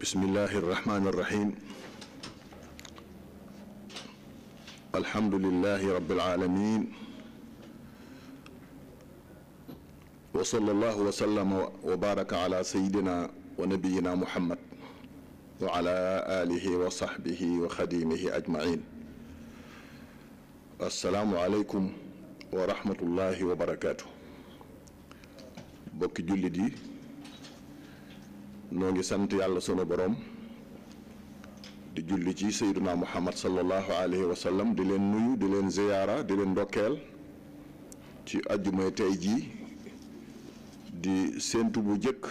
بسم الله الرحمن الرحيم الحمد لله رب العالمين وصلى الله وسلم وبارك على سيدنا ونبينا محمد وعلى آله وصحبه وخديمه أجمعين السلام عليكم ورحمة الله وبركاته بك جلدي noo ngi sant yàlla sunu boroom di julli ci sayduna muhammad sallallahu alayhi wa di leen nuyu di leen ziyaara di leen ndokkeel ci ajjumay tey jii di séentu bu jëkk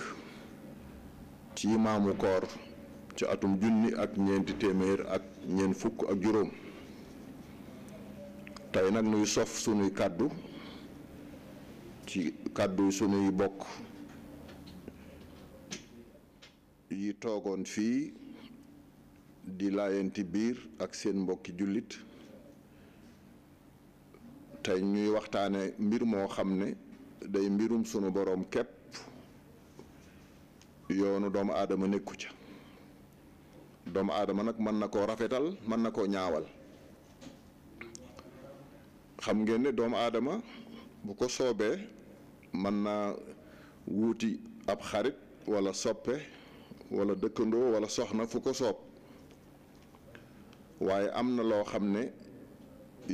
ci maamu koor ci atum junni ak ñeenti téeméer ak ñeent fukk ak juróom tey nag nuy sof sunuy kàddu ci kàddu sunuy bokk yi toogoon fii di laayanti biir ak seen mbokki jullit te ñuy waxtaane mbir moo xam ne day mbirum sunu boroom képp yoonu doomu aadama nekku ca doomu aadama nag mën na koo rafetal mën na koo ñaawal xam ngeen ne doomu aadama bu ko soobee mën naa wuuti ab xarit walla soppe wala dëkkandoo wala soxna fu ko soob waaye am na loo xam ne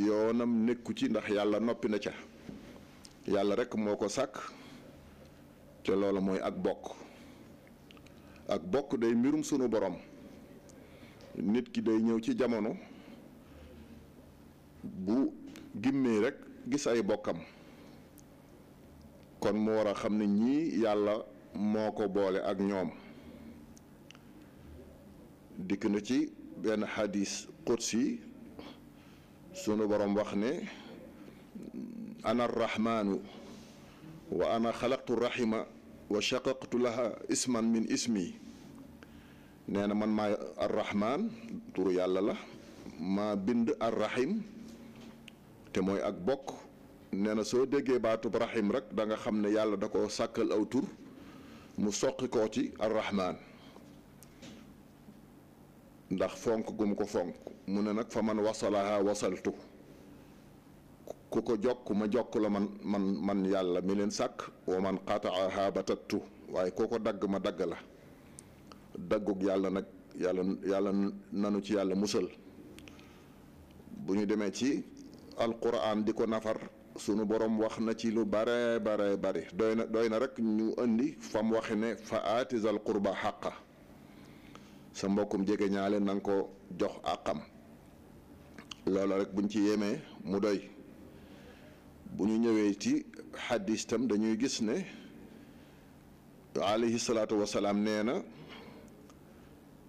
yoonam nekku ci ndax yàlla noppi na ca yàlla rekk moo ko sàkk ca loola mooy ak bokk ak bokk day mbirum sunu borom nit ki day ñëw ci jamono bu gimmee rekk gis ay bokkam kon mu war a xam ne ñii yàlla moo ko boole ak ñoom dikk na ci benn xadis qudsi sunu boroom wax ne ana arrahmaanu wa ana xalaqtu rahima wa shaqaqtu laha isman min ismi nee na man maay arrahmaan turu yàlla la ma bind arrahim te mooy ak bokk nee na soo déggee baatub rahim rek danga xam ne yàlla da koo sàkkal aw tur mu soqi koo ci arrahmaan ndax fonk gum ko fonk mu ne nag fa man wasalaha wasaltu ku ko jokk ma jokk la man man man yàlla mi leen sàkk wa man qataaha batattu waaye koo ko dagg ma dagg la daggug yàlla nag yàlla yàlla nanu ci yàlla musal bu ñu demee ci alquran di ko nafar sunu borom wax na ci lu bare bare bari doy na doy na rek ñu indi fam waxe ne fa aatizal qurba xaqa sa mbokkum jege ñaale na nga ko jox àqam loola rek buñ ci yemee mu doy bu ñu ñëwee ci xaddis tam dañuy gis ne alayhi salaatu wasalaam nee na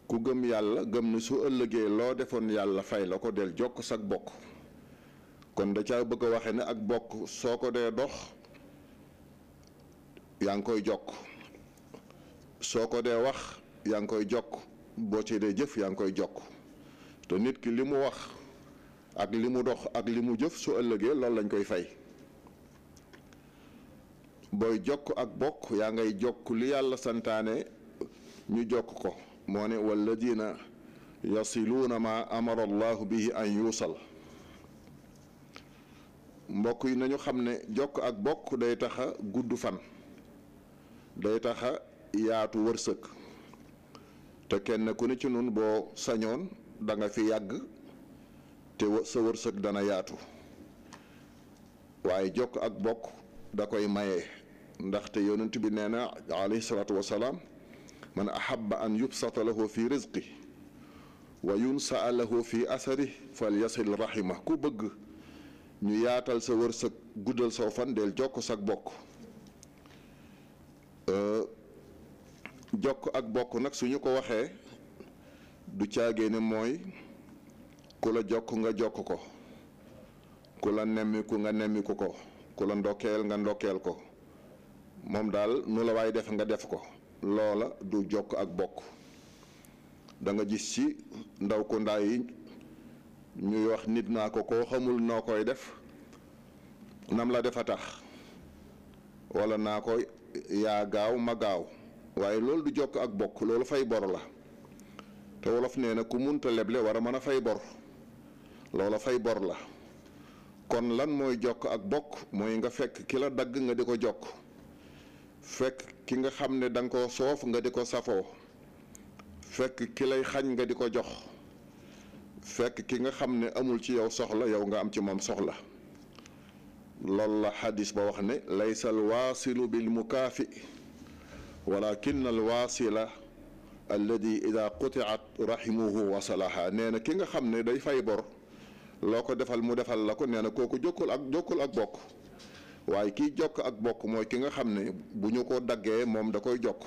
ku gëm yàlla gëm ne su ëllëgee loo defoon yàlla fay la ko del jokk sag bokk kon da caa bëgg a waxe ne ak bokk soo ko dee dox yaa ngi koy jokk soo ko dee wax yaa ngi koy jokk boo ci dee jëf yaa ngi koy jokk te nit ki li mu wax ak li mu dox ak li mu jëf su ëllëgee loolu lañ koy fay booy jokk ak bokk yaa ngay jokk li yàlla santaane ñu jokk ko moo ne walladina yasiluuna ma amara allahu bihi an yuusal mbokk yi nañu xam ne jokk ak bokk day taxa gudd fan day taxa yaatu wërsëg te kenn ku ne ci nun boo sañoon danga fi yàgg te sa wërsëg dana yaatu waaye jokk ak bokk da koy maye ndaxte yonent bi nee na alayhi salaatu wasalaam man ahabba an yubsata lahu fi rizqi wa yunsaa lahu fi asari fal yasil rahima ku bëgg ñu yaatal sa wërsëg guddal soo fan del jokk sak bokk euh, jokk ak bokk nag ñu ko waxee du caagee ne mooy ku la jokk nga jokk ko ku la nemmiku nga nemmiku ko ku la ndokkeel nga ndokkeel ko moom daal nu la waay def nga def ko loola du jokk ak bokk danga nga gis ci ndaw ko ndaa yi ñuy wax nit naa ko koo xamul noo koy def nam la defa tax wala naa ko yaa gaaw ma gaaw waaye loolu du jokk ak bokk loolu fay bor la te wolof nee na ku munta leble war a mën a fay bor loola fay bor la kon lan mooy jokk ak bokk mooy nga fekk ki la dagg nga di ko jokk fekk ki nga xam ne danga ko soof nga di ko safoo fekk ki lay xañ nga di ko jox fekk ki nga xam ne amul ci yow soxla yow nga am ci moom soxla loolu la xadis ba wax ne lay laysal waasilu mu kaafi walakin alwaasila alladi ida qutiat rahimuhu wasalaha nee na ki nga xam ne day fay bor loo ko defal mu defal la ko nee na ko jokkul ak jokkul ak bokk waaye kiy jokk ak bokk mooy ki nga xam ne bu ñu ko daggee moom da koy jokk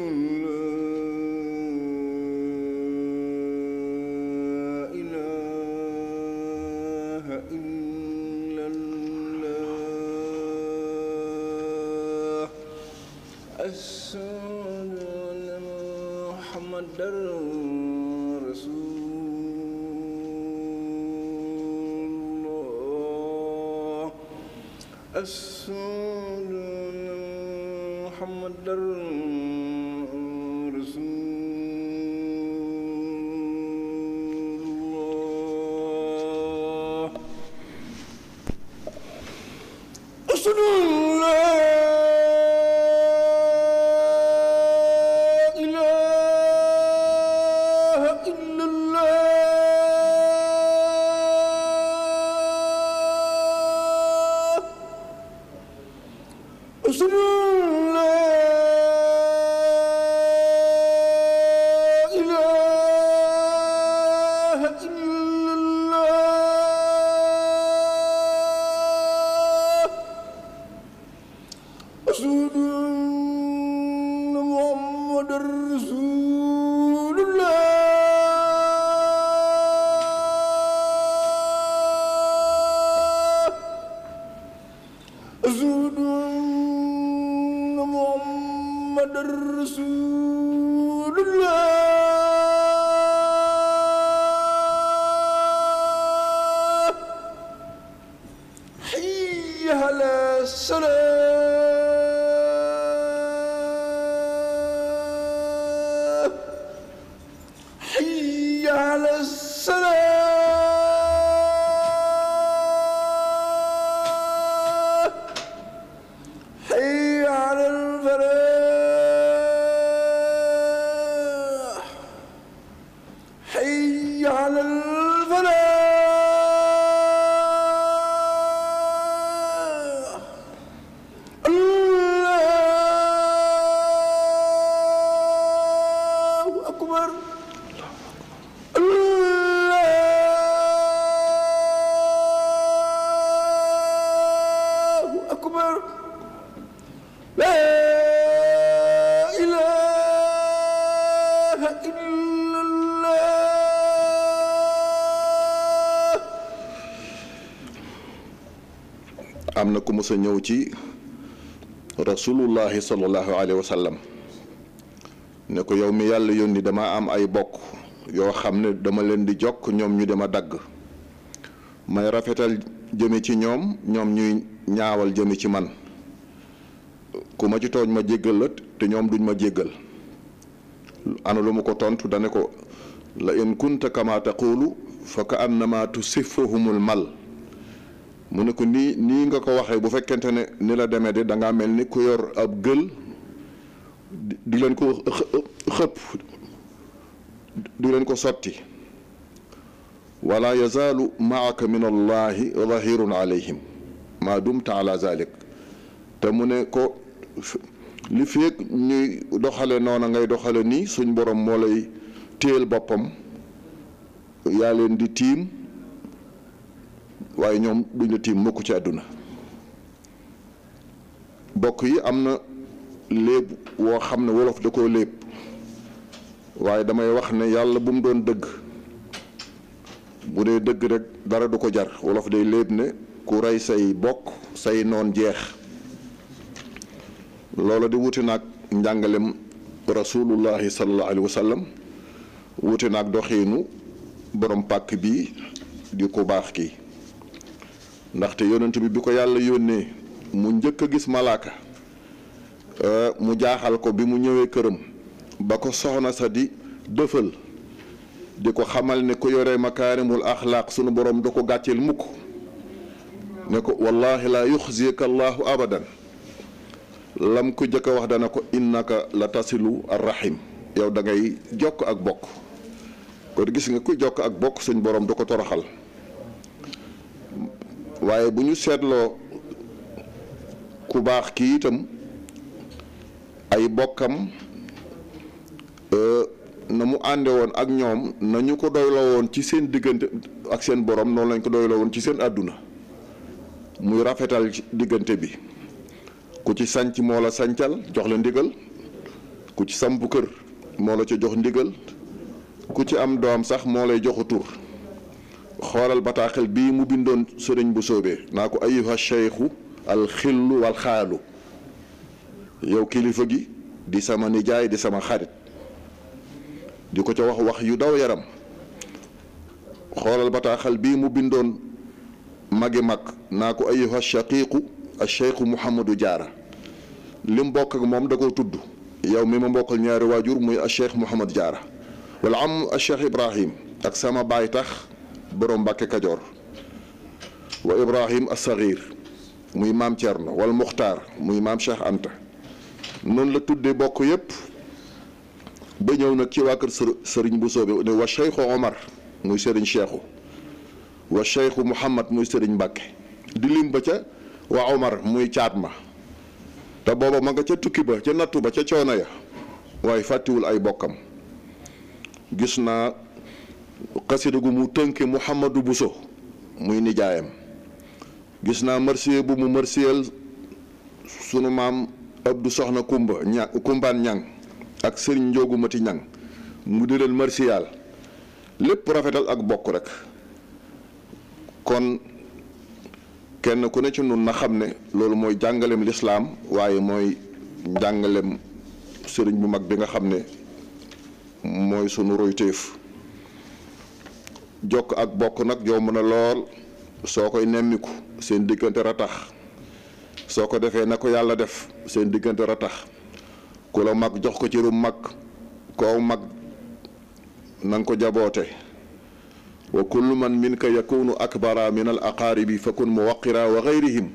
أسود محمد الرسول ku mës a ñëw ci rasulullahi sallallahu alayhi wa ne ko yow mi yàlla yoon ni dama am ay bokk yoo xam ne dama leen di jokk ñoom ñu dema dagg may rafetal jëme ci ñoom ñoom ñuy ñaawal jëme ci man ku ma ci tooñ ma jéggal la te ñoom duñ ma jéggal ana lu ma ko tontu dane ko la in kunta kama taqulu na ka annama tusifuhumul mal mu ne ko nii nii nga ko waxee bu fekkente ne ni la demee de da mel ni ku yor ab gël di leen ko xëpp di leen ko sotti wala yazaalu maaka min allahi zahirun alayhim maa dumta ala zalik te mu ne ko li feeg ñuy doxale noona ngay doxale nii suñ boroom moo lay téel boppam yaa leen di tiim waaye ñoom duñ la tiim mukk ci àdduna bokk yi am na léeb woo xam ne wolof da koo léeb waaye damay wax ne yàlla bu mu doon dëgg bu dee dëgg rek dara du ko jar wolof day léeb ne ku rey say bokk say noon jeex loola di wuti naag njàngalem rasulullahi sallallahu alayhi wa sallam wuti naag doxiinu borom pàkk bii di ko baax kii ndaxte yonent bi bi ko yàlla yónnee mu njëkk a gis malaaka euh, mu jaaxal ko bi mu ñëwee këram ba ko soxna sa di dëfal di ko xamal ne ku yore ma makaarimul axlaaq sunu borom du ko gàcceel mukk ne ko wallahi laa yuxzika abadan lam ko jëkk a wax dana ko innaka la tasilu arrahim yow dangay jokk ak bokk kon gis nga ku jokk ak bokk suñ borom du ko toroxal waaye bu ñu seetloo ku baax kii itam ay bokkam euh, na mu ànde woon ak ñoom nañu ko doyloo woon ci seen diggante ak seen borom noonu lañ ko doyloo woon ci seen àdduna muy rafetal diggante bi ku ci sanc moo la sancal jox la ndigal ku ci samp kër moo la ca jox ndigal ku ci am doom sax moo lay joxu tur xoolal bataaxal bii mu bindoon sëriñ bu soobee naa ko ayuha cheikhu alxillu wal xaalu yow kilifa gi di sama nijaay di sama xarit di ko ca wax wax yu daw yaram xoolal bataaxal bii mu bindoon magi mag naa ko ayuha shaqiiqu al cheikhu Mouhamadou jaara lim bokk ak moom da koo tudd yow mi ma mbokkal ñaari waajur muy al cheikh Mouhamadou Diarra walla am al cheikh Ibrahim ak sama baay tax. borom Mbàkke Kajoor wa Ibrahim Assaghir muy maam Thierno wal Muxtaar muy maam Cheikh Anta noonu la tuddee bokk yépp ba ñëw nag ci waa kër sëriñ bu soobee ne wa Cheikhu Omar muy sëriñ Cheikhu wa Cheikhu Mouhamad muy sëriñ Mbàkke di lim ba ca wa Omar muy caat ma te booba ma nga ca tukki ba ca nattu ba ca coono ya waaye fàttiwul ay bokkam gis naa. xasida gu mu tënke Mouhamadou Bousso muy nijaayam gis naa marsiye bu mu marsiyel sunu maam du Soxna Kumba ña Kumbaan Ñang ak Sëriñ Njoogu Mati Ñang mu di leen marsiyal lépp rafetal ak bokk rek kon kenn ku ne ci nun na xam ne loolu mooy jàngaleem lislaam waaye mooy jàngaleem sëriñ bu mag bi nga xam ne mooy sunu royteef jokk ak bokk nag yomb na lool soo koy nemmiku seen diggante ratax soo ko defee na ko yàlla def seen diggante ratax ku la mag jox ko ci ru mag koo mag na ko jaboote wa kullu man minka yakunu akbara min al aqaaribi fa kun muwaqira wa gayrihim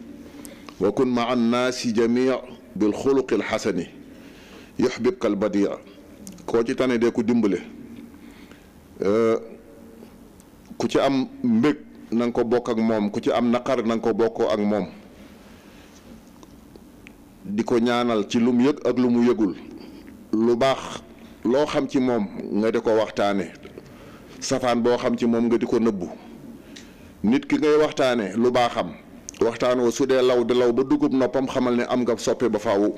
wa kun maa annaasi jamii bil xuluqi al xasani yuxbibka al badia koo ci tane dee ku dimbale euh, ku ci am mbég na ko bokk ak moom ku ci am naqar nanga ko bokkoo ak moom di ko ñaanal ci lu mu yëg ak lu mu yëgul lu baax loo xam ci moom nga di ko waxtaane safaan boo xam ci moom nga di ko nëbbu nit ki ngay waxtaane lu baaxam waxtaan su dee law di law ba dugub noppam xamal ne am nga soppe ba faawu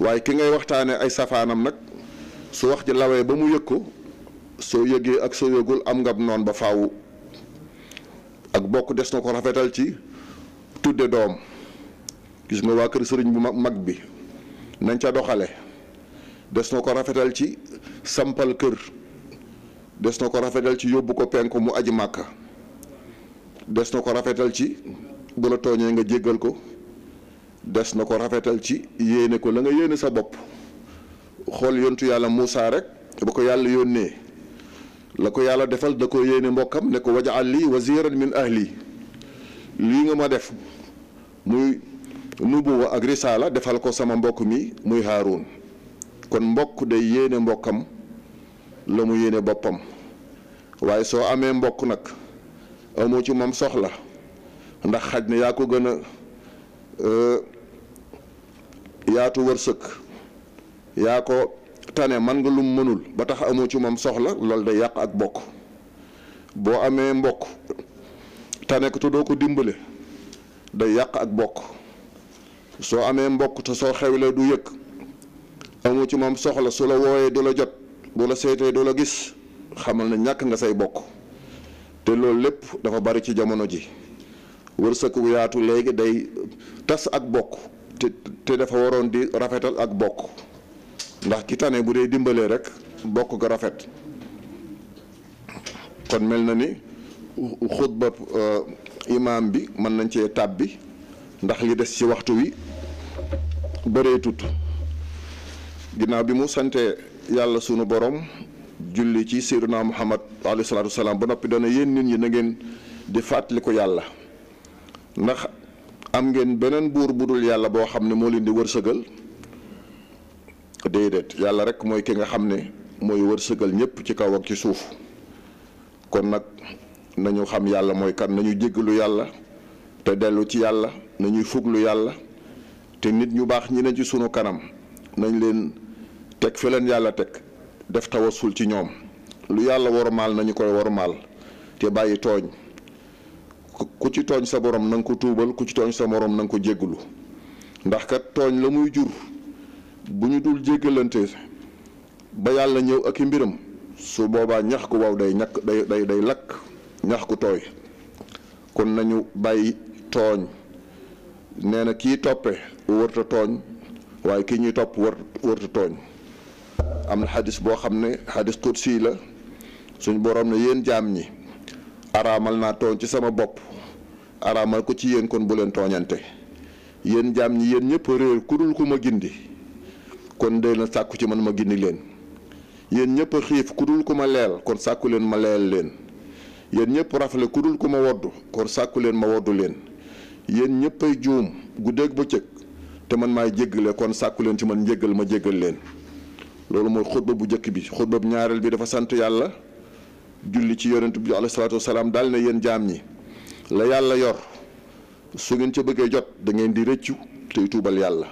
waaye ki ngay waxtaane ay safaanam nag su wax ji lawee ba mu yëg ko soo yëgee ak soo yëgul am nga noon ba faaw ak bokk des na ko rafetal ci tudde doom gis nga waa kër sëriñ bu mag mag bi nañ ca doxale des na ko rafetal ci sampal kër des na ko rafetal ci yóbbu ko penk mu aji màkka des na ko rafetal ci bu la tooñee nga jéggal ko des na ko rafetal ci yéene ko la nga yéene sa bopp xool yontu yàlla Muusaa rek ba ko yàlla yónnee la ko yàlla defal da ko yéene mbokkam ne ko wajaal lii waziran min ahli lii nga ma def muy nubuwa ak risaala defal ko sama mbokk mi muy Haaruun kon mbokk day yéene mbokkam la mu yéene boppam waaye soo amee mbokk nag amoo ci moom soxla ndax xaj na yaa ko gën a euh, yaatu wërsëg yaa ko tane man nga lum mënul ba tax amoo ci moom soxla loolu day yàq ak bokk boo amee mbokk tane ko doo ko dimbale day yàq ak bokk soo amee mbokk te soo xewlee du yëg amoo ci moom soxla su la wooyee du la jot bu la seetee du la gis xamal na ñàkk nga say bokk te loolu lépp dafa bari ci jamono ji wërsëg bu yaatu léegi day tas ak bokk te te dafa waroon di rafetal ak bokk ndax kii tane bu dee dimbalee rek bokk ga rafet kon mel na ni xutba euh, imaam bi mën nañ cee tàbbi ndax li des ci waxtu wi bëree tut ginnaaw bi mu santee yàlla sunu borom julli ci seyduna muhammad alayhi salaatu wasalaam ba noppi dana yéen nit ñi nangeen di fàttali ko yàlla ndax am ngeen beneen buur bu dul yàlla boo xam ne moo leen di wërsëgal déedéet yàlla rek mooy ki nga xam ne mooy wërsëgal ñëpp ci kaw ak ci suuf kon nag nañu xam yàlla mooy kan nañu jéggalu yàlla te dellu ci yàlla na ñuy fuglu yàlla te nit ñu baax ñi ne ci sunu kanam nañ leen teg fi leen yàlla teg def tawasul ci ñoom lu yàlla wormaal nañu koy wormaal te bàyyi tooñ ku ci tooñ sa borom na ko tuubal ku ci tooñ sa morom na nga ko jégglu ndax kat tooñ la muy jur bu ñu dul jéggalante ba yàlla ñëw ak i mbiram su boobaa ñax ku waaw day ñakk day day day lakk ñax ku tooy kon nañu bàyyi tooñ nee na kii toppe wërta tooñ waaye kii ñuy topp wërta tooñ am na xadis boo xam ne xadis qudsi la suñ boroom na yéen jaam ñi araamal naa tooñ ci sama bopp araamal ko ci yéen kon bu leen tooñante yéen jaam ñi yéen ñëpp réer ku dul ku ma gindi kon day na sàkku ci man ma gindi leen yéen ñëpp xiif ku dul ku ma leel kon sàkku leen ma leel leen yéen ñëpp rafle ku dul ku ma wodd kon sàkku leen ma woddu leen yéen ñëpp ay juum bu bëccëg te man maay jéggale kon sàkku leen ci man njéggal ma jéggal leen loolu mooy xutba bu njëkk bi xutba bu ñaareel bi dafa sant yàlla julli ci yonent bi alayhi salaatu wasalaam daal na yéen jaam ñi la yàlla yor su ngeen ca bëggee jot da ngeen di rëccu tey tuubal yàlla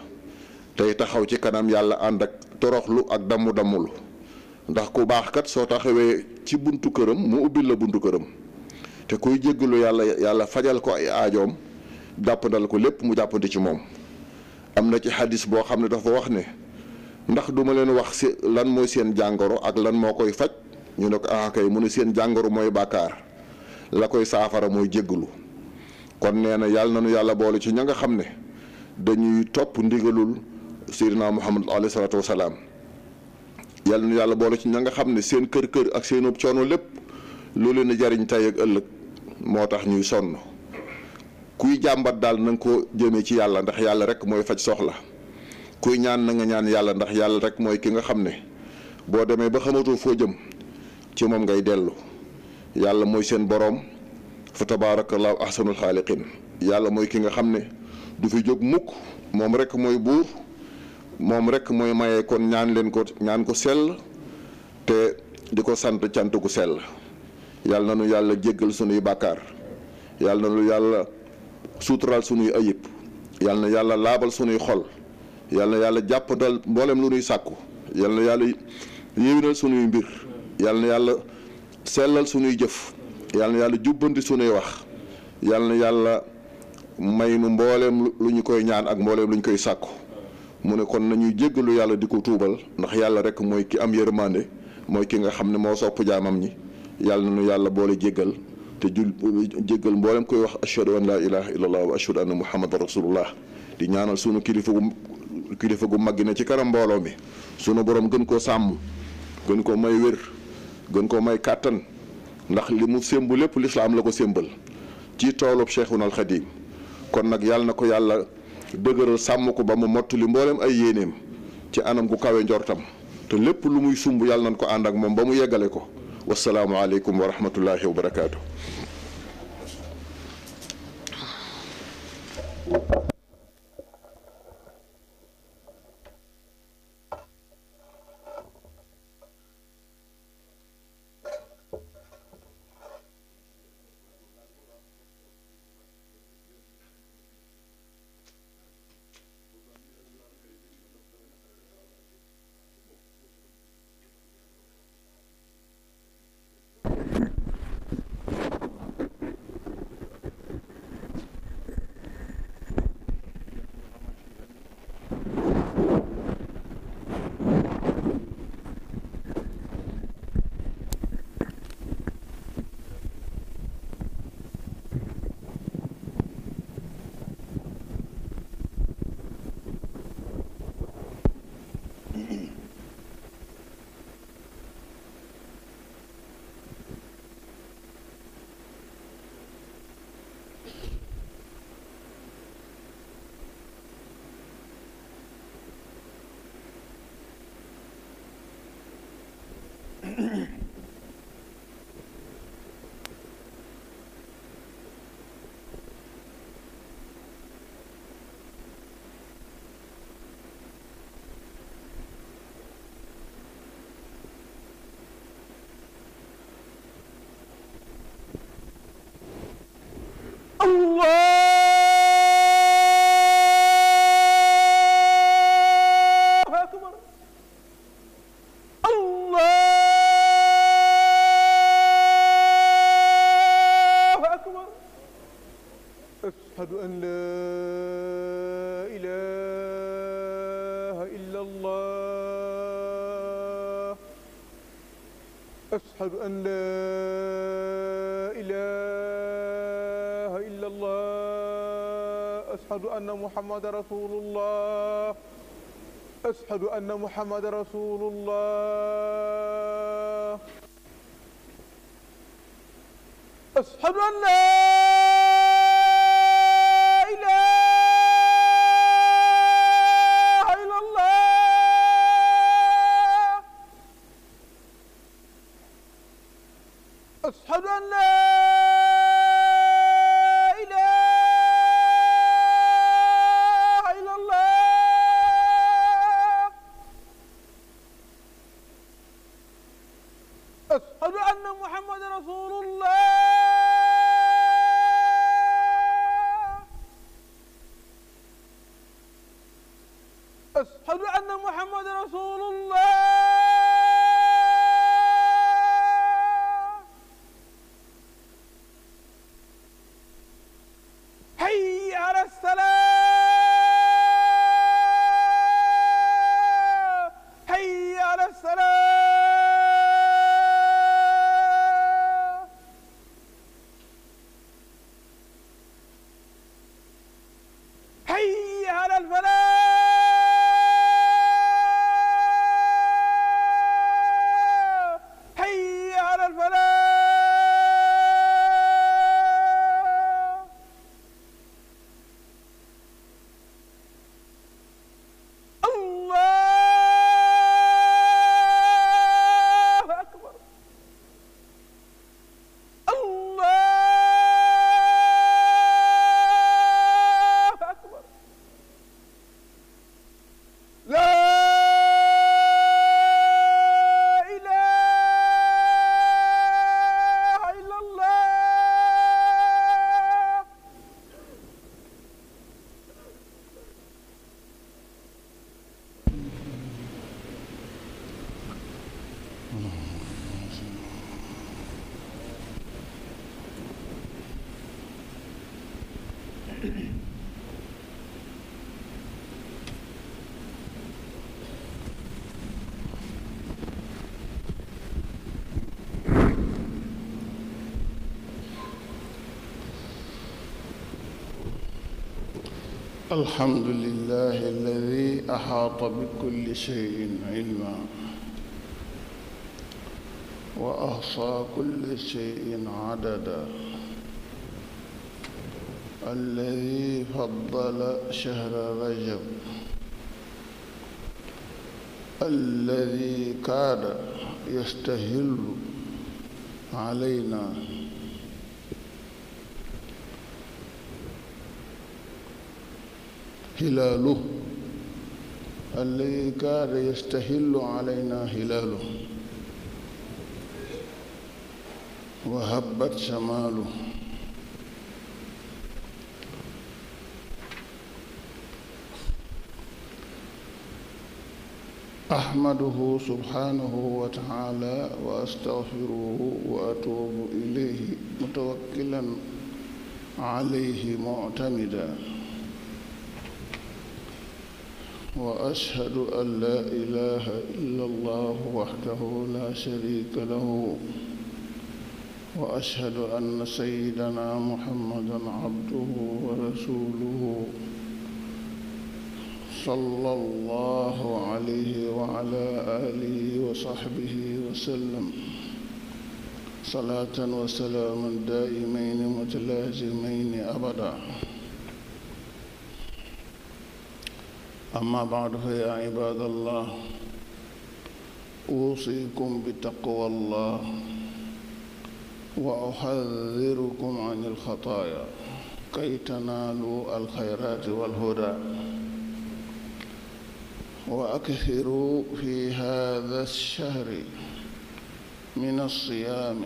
tey taxaw ci kanam yàlla ànd ak toroxlu ak damu damul ndax ku baax kat soo taxawee ci buntu këram mu ubbil la buntu këram te kuy jéggalu yàlla yàlla fajal ko ay aajoom jàppandal ko lépp mu jàppandi ci moom am na ci xadis boo xam ne dafa wax ne ndax duma leen wax si lan mooy seen jàngoro ak lan moo koy faj ñu ne ko ah kay mu ne seen jàngoro mooy bàkkaar la koy saafara mooy jéggalu kon nee na yàlla na nu yàlla boole ci ña nga xam ne dañuy topp ndigalul Seydina Muhammad alayhi salaatu wasalaam yal na yàlla boole ci ña nga xam ne seen kër kër ak seen coono lépp loo leen jariñ tey ak ëllëg moo tax ñuy sonn kuy jàmbat daal na ko jëmee ci yàlla ndax yàlla rek mooy faj soxla kuy ñaan na nga ñaan yàlla ndax yàlla rek mooy ki nga xam ne boo demee ba xamatoo foo jëm ci moom ngay dellu yàlla mooy seen boroom fa tabaarakallaahu ahsanul xaaliqiin yàlla mooy ki nga xam ne du fi jóg mukk moom rek mooy buur. moom rek mooy maye kon ñaan leen ko ñaan ko sell te di ko sant cant gu sell yàlla na nu yàlla jéggal sunuy bàkkaar yàlla na nu yàlla suutural sunuy ayib yàlla na yàlla laabal sunuy xol yàlla na yàlla jàppandal mboolem lu nuy sàkku yàlla na yàlla yéwénal sunuy mbir yàlla na yàlla sellal sunuy jëf yàlla yàlla jubbanti sunuy wax yàlla na yàlla may nu mbooleem lu ñu koy ñaan ak mbooleem lu ñu koy sàkku mu ne kon nañuy jéggalu yàlla di ko tuubal ndax yàlla rek mooy ki am yërmande mooy ki nga xam ne moo sopp jaamam ñi yàlla nañu yàlla boole jéggal te jul jéggal mboolem koy wax ashhadu an laa ilaha illallah wa ashhadu anna muhammadan rasulullah di ñaanal sunu kilifa gu kilifa gu mag ne ci kanam mbooloo mi sunu borom gën koo sàmm gën koo may wér gën koo may kàttan ndax li mu sémb lépp lislaam la ko sémbal ci toolub Cheikhuna al Xadim kon nag ko yàlla dëgëral sàmm ko ba mu li mbooleem ay yéeneem ci anam gu kawe njortam te lépp lu muy sumb yàlla nañ ko ànd ak moom ba mu yeggale ko wasalaamualeykum wa rahmatullahi wa barakaatu. محمد رسول الله أشهد أن محمد رسول الله أشهد أن لا أشهد أن لا الحمد لله الذي أحاط بكل شيء علما وأحصى كل شيء عددا الذي فضل شهر رجب الذي كاد يستهل علينا هلاله الذي كاد يستهل علينا هلاله وهبت شماله أحمده سبحانه وتعالى وأستغفره وأتوب إليه متوكلا عليه معتمدا واشهد ان لا اله الا الله وحده لا شريك له واشهد ان سيدنا محمدا عبده ورسوله صلى الله عليه وعلى اله وصحبه وسلم صلاه وسلاما دائمين متلازمين ابدا أما بعد فيا عباد الله أوصيكم بتقوى الله وأحذركم عن الخطايا كي تنالوا الخيرات والهدى وأكثروا في هذا الشهر من الصيام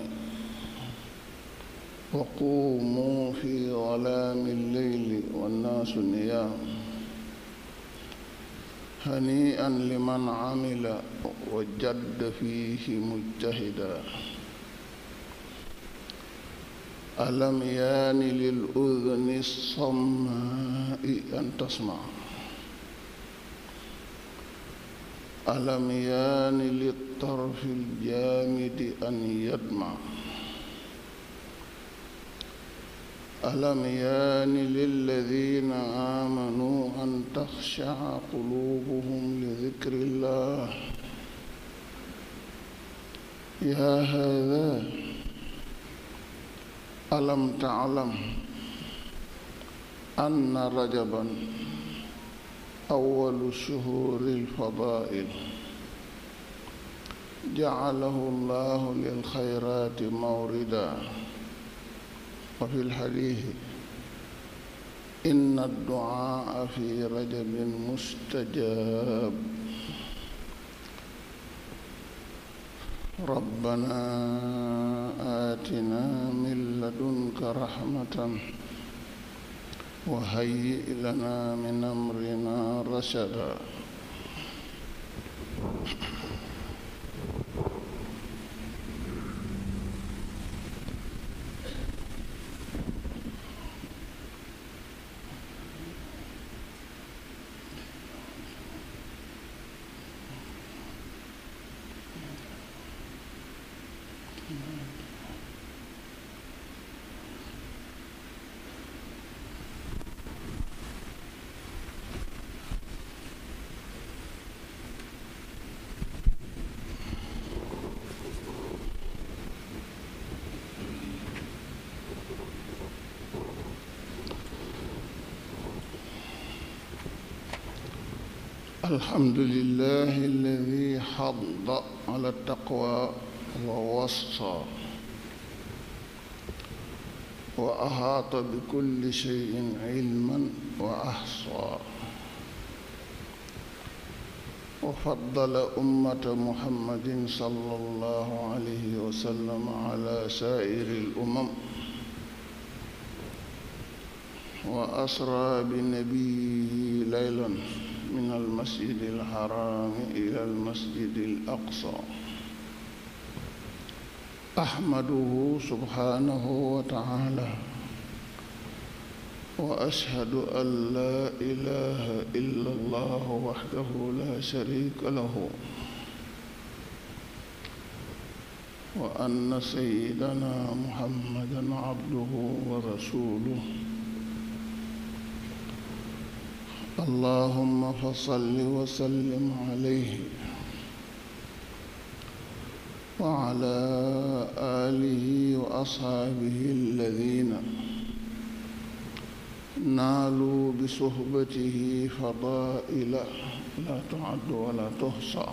وقوموا في ظلام الليل والناس نيام هنيئا لمن عمل وجد فيه مجتهدا ألم يان للأذن الصماء أن تسمع ألم يان للطرف الجامد أن يدمع ألم يان للذين آمنوا أن تخشع قلوبهم لذكر الله يا هذا ألم تعلم أن رجبا أول شهور الفضائل جعله الله للخيرات موردا وفي الحديث إن الدعاء في رجب مستجاب ربنا آتنا من لدنك رحمة وهيئ لنا من أمرنا رشدا الحمد لله الذي حض على التقوى ووصى وأحاط بكل شيء علما وأحصى وفضل أمة محمد صلى الله عليه وسلم على سائر الأمم وأسرى بنبيه ليلاً من المسجد الحرام إلى المسجد الأقصى أحمده سبحانه وتعالى وأشهد أن لا إله إلا الله وحده لا شريك له وأن سيدنا محمدا عبده ورسوله اللهم فصل وسلم عليه وعلى آله وأصحابه الذين نالوا بصحبته فضائل لا تعد ولا تحصى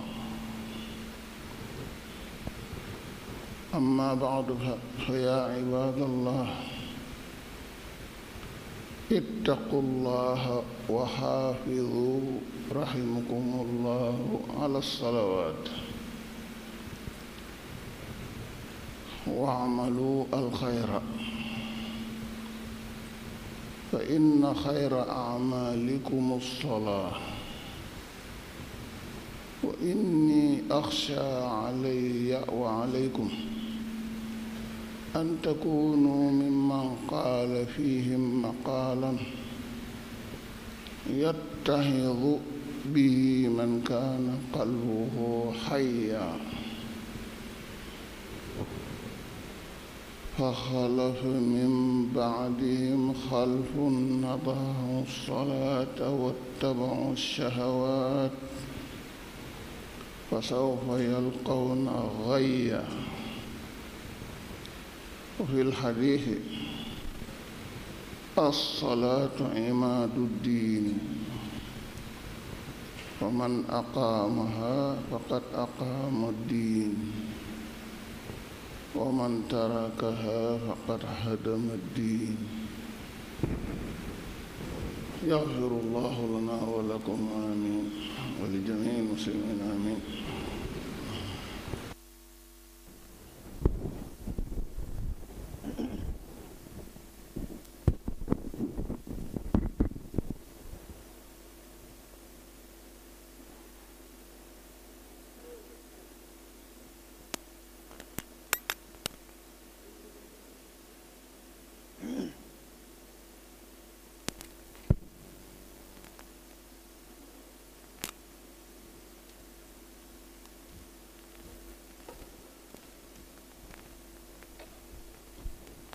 أما بعد فيا عباد الله ittaqullaha wa xaafidu raximakumullahu ala salawaat wa amalu alxayra fa inna xayra amalikum alsolaa wa inni axsha alayya wa alaykum أن تكونوا ممن قال فيهم مقالا يتحظ به من كان قلبه حيا فخلف من بعدهم خلف أضاعوا الصلاة واتبعوا الشهوات فسوف يلقون غيا وفي الحديث الصلاة عماد الدين ومن أقامها فقد أقام الدين ومن تركها فقد هدم الدين يغفر الله لنا ولكم آمين ولجميع المسلمين آمين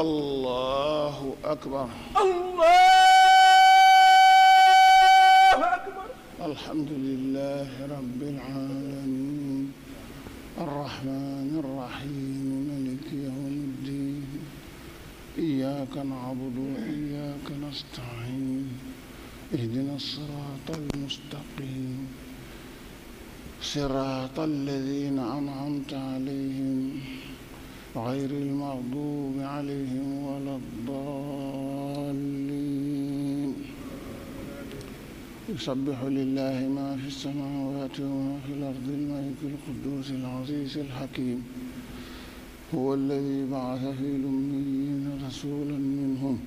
allahu akbar allahu akbar alhamdulillahi rabbil alamin arrahmani arrahim maliki yawmiddin iyyaka na'budu wa iyyaka nasta'in اهدنا الصراط المستقيم صراط الذين أنعمت عليهم غير المغضوب عليهم ولا الضالين يسبح لله ما في السماوات وما في الأرض الملك القدوس العزيز الحكيم هو الذي بعث في الأميين رسولا منهم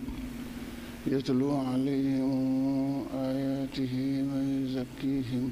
يتلو عليهم آياته ويزكيهم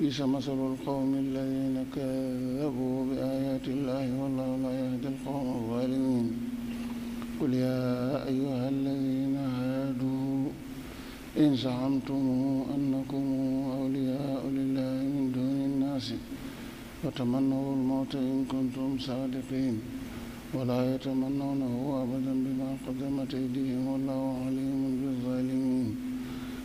بئس مثل القوم الذين كذبوا بآيات الله والله لا يهدي القوم الظالمين قل يا أيها الذين هادوا إن زعمتم أنكم أولياء لله من دون الناس وتمنوا الموت إن كنتم صادقين ولا يتمنونه أبدا بما قدمت أيديهم والله عليم بالظالمين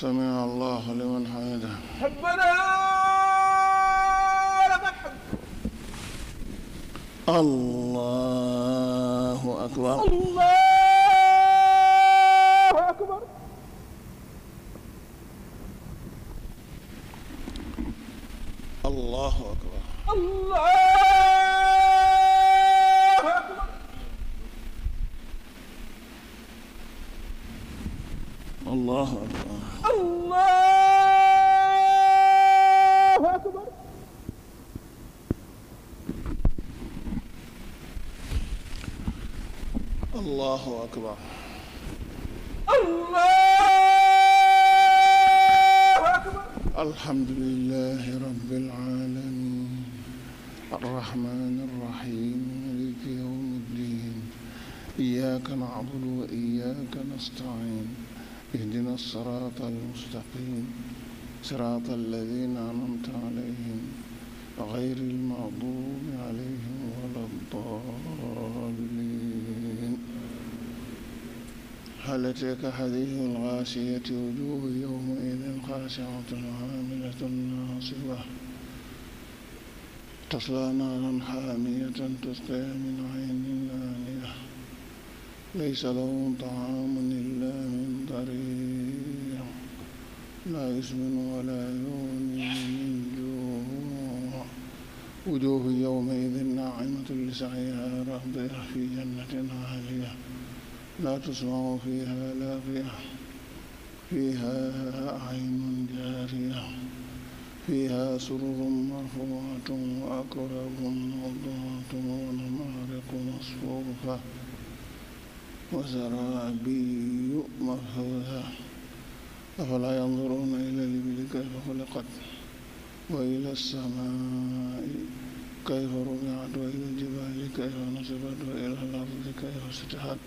سمع الله لمن حمده ربنا لك الحمد الله أكبر الله المستقيم صراط الذين أنعمت عليهم غير المغضوب عليهم ولا الضالين هل أتاك حديث الغاشية وجوه يومئذ خاشعة عاملة ناصبة تصلى نارا حامية تسقى من عين آنية ليس لهم طعام إلا من ضريع لا يسمن ولا يغني من جوع وجوه يومئذ ناعمة لسعيها راضية في جنة عالية لا تسمع فيها لاغية فيها عين جارية فيها سرر مرفوعة وأكواب موضوعة ونمارق مصفوفة وزرابي مبثوثة afalaa yanduruuna ilal ibili kayfa xuliqat wa ilas samaai kayfa rufiat wa ilal jibaali kayfa nusibat wa ilal ardi kayfa sutihat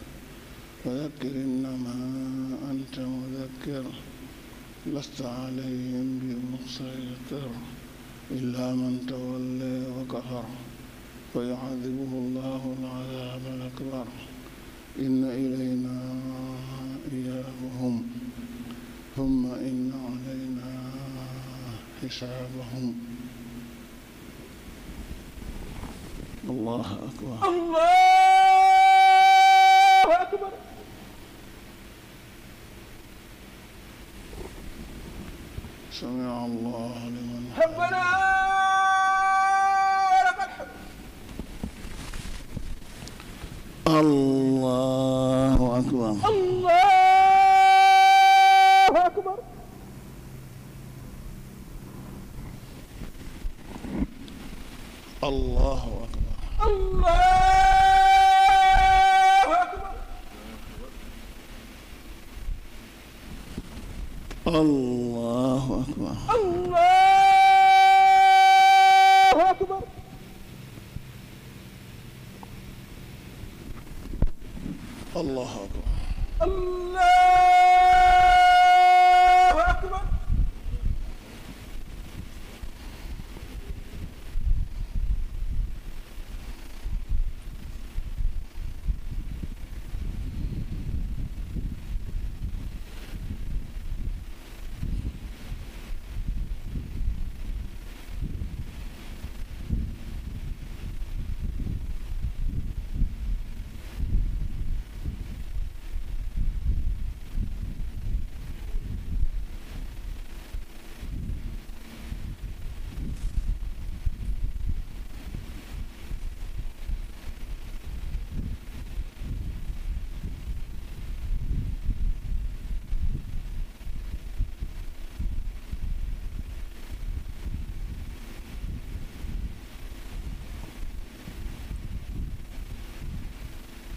wa dakkir innamaa anta mudakkir lasta alayhim bi musaytir illaa man tawallaa wa kafar fa yucadibuhu llaahu al-cadaab al-akbar inna ilaynaa iyyaabahum ثم إن علينا حسابهم الله أكبر الله أكبر سمع الله لمن حمدنا ولك الحمد الله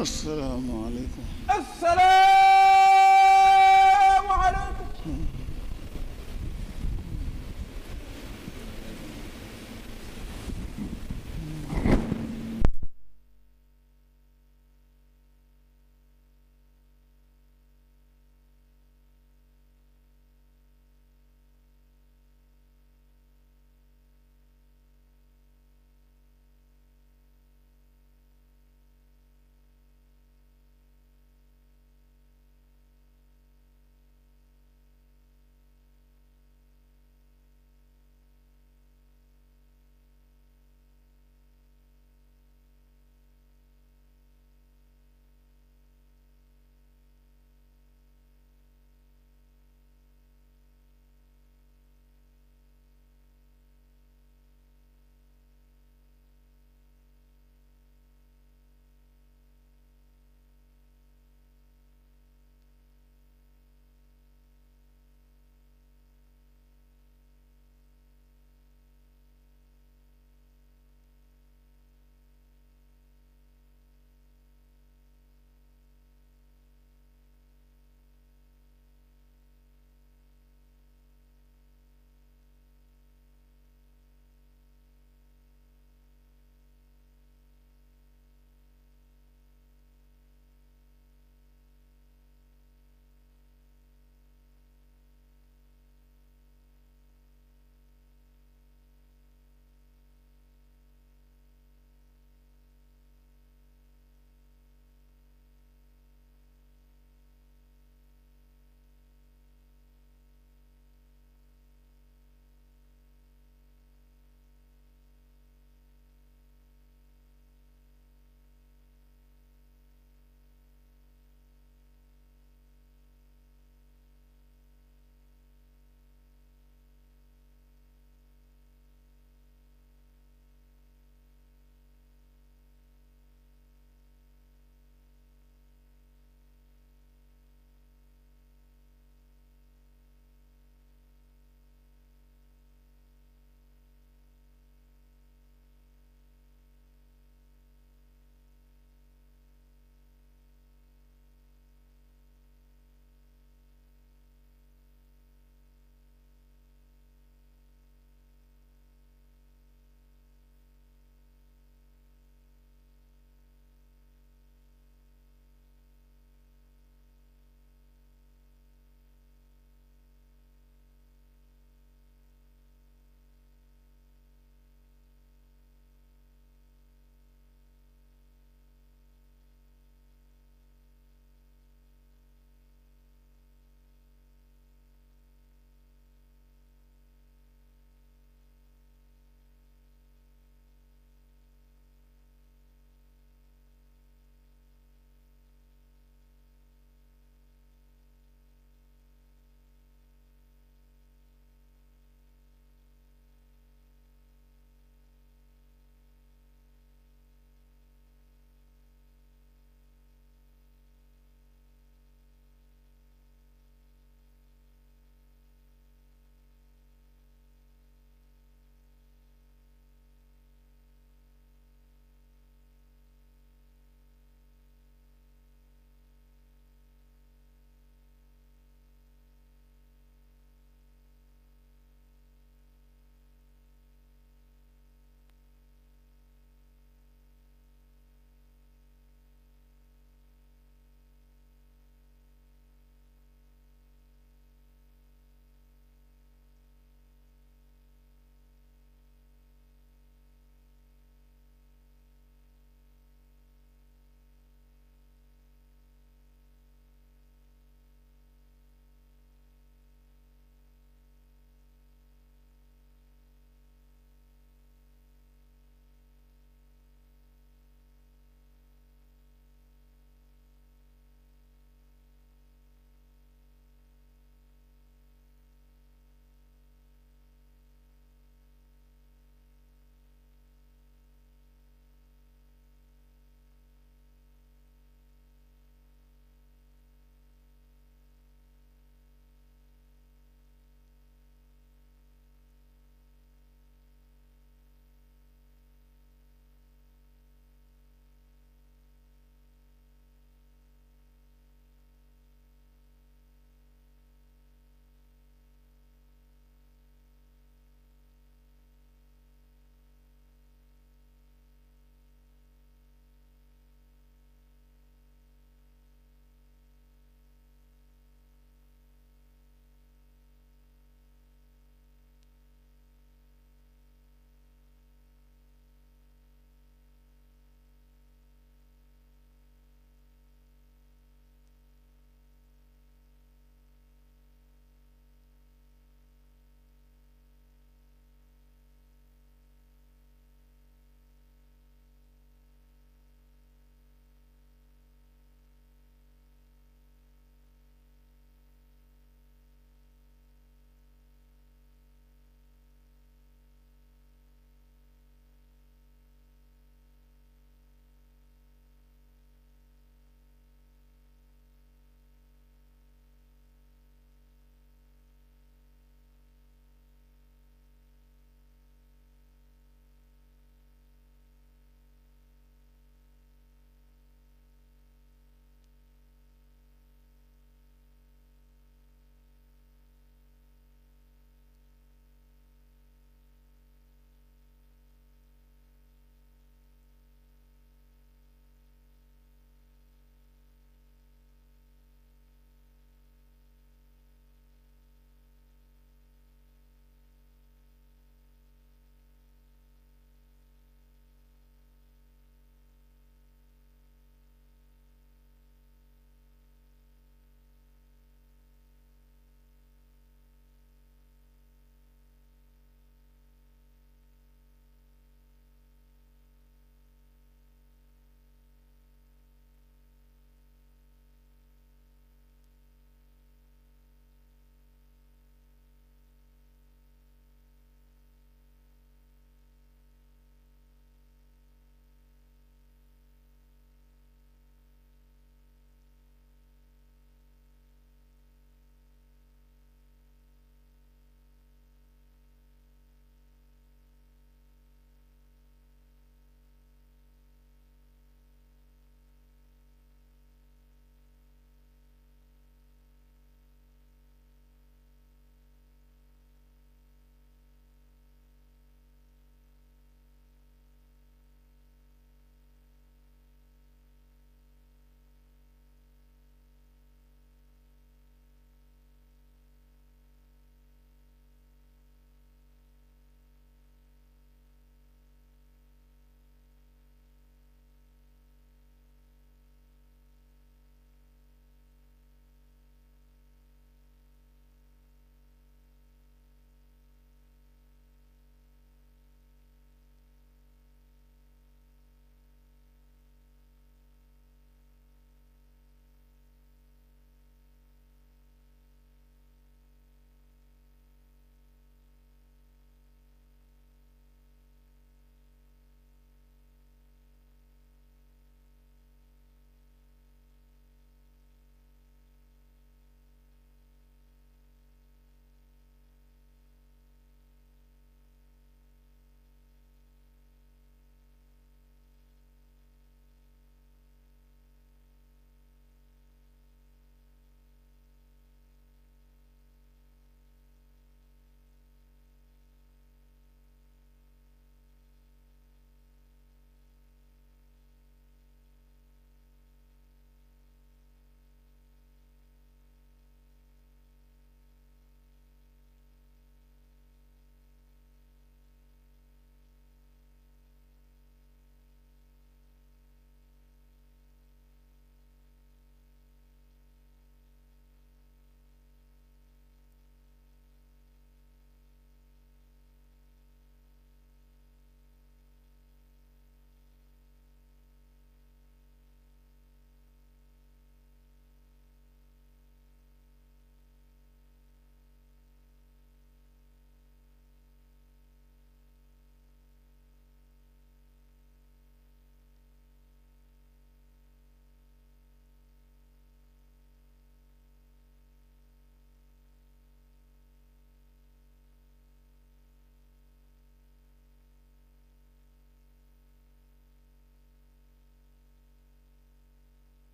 asalaamaaleykum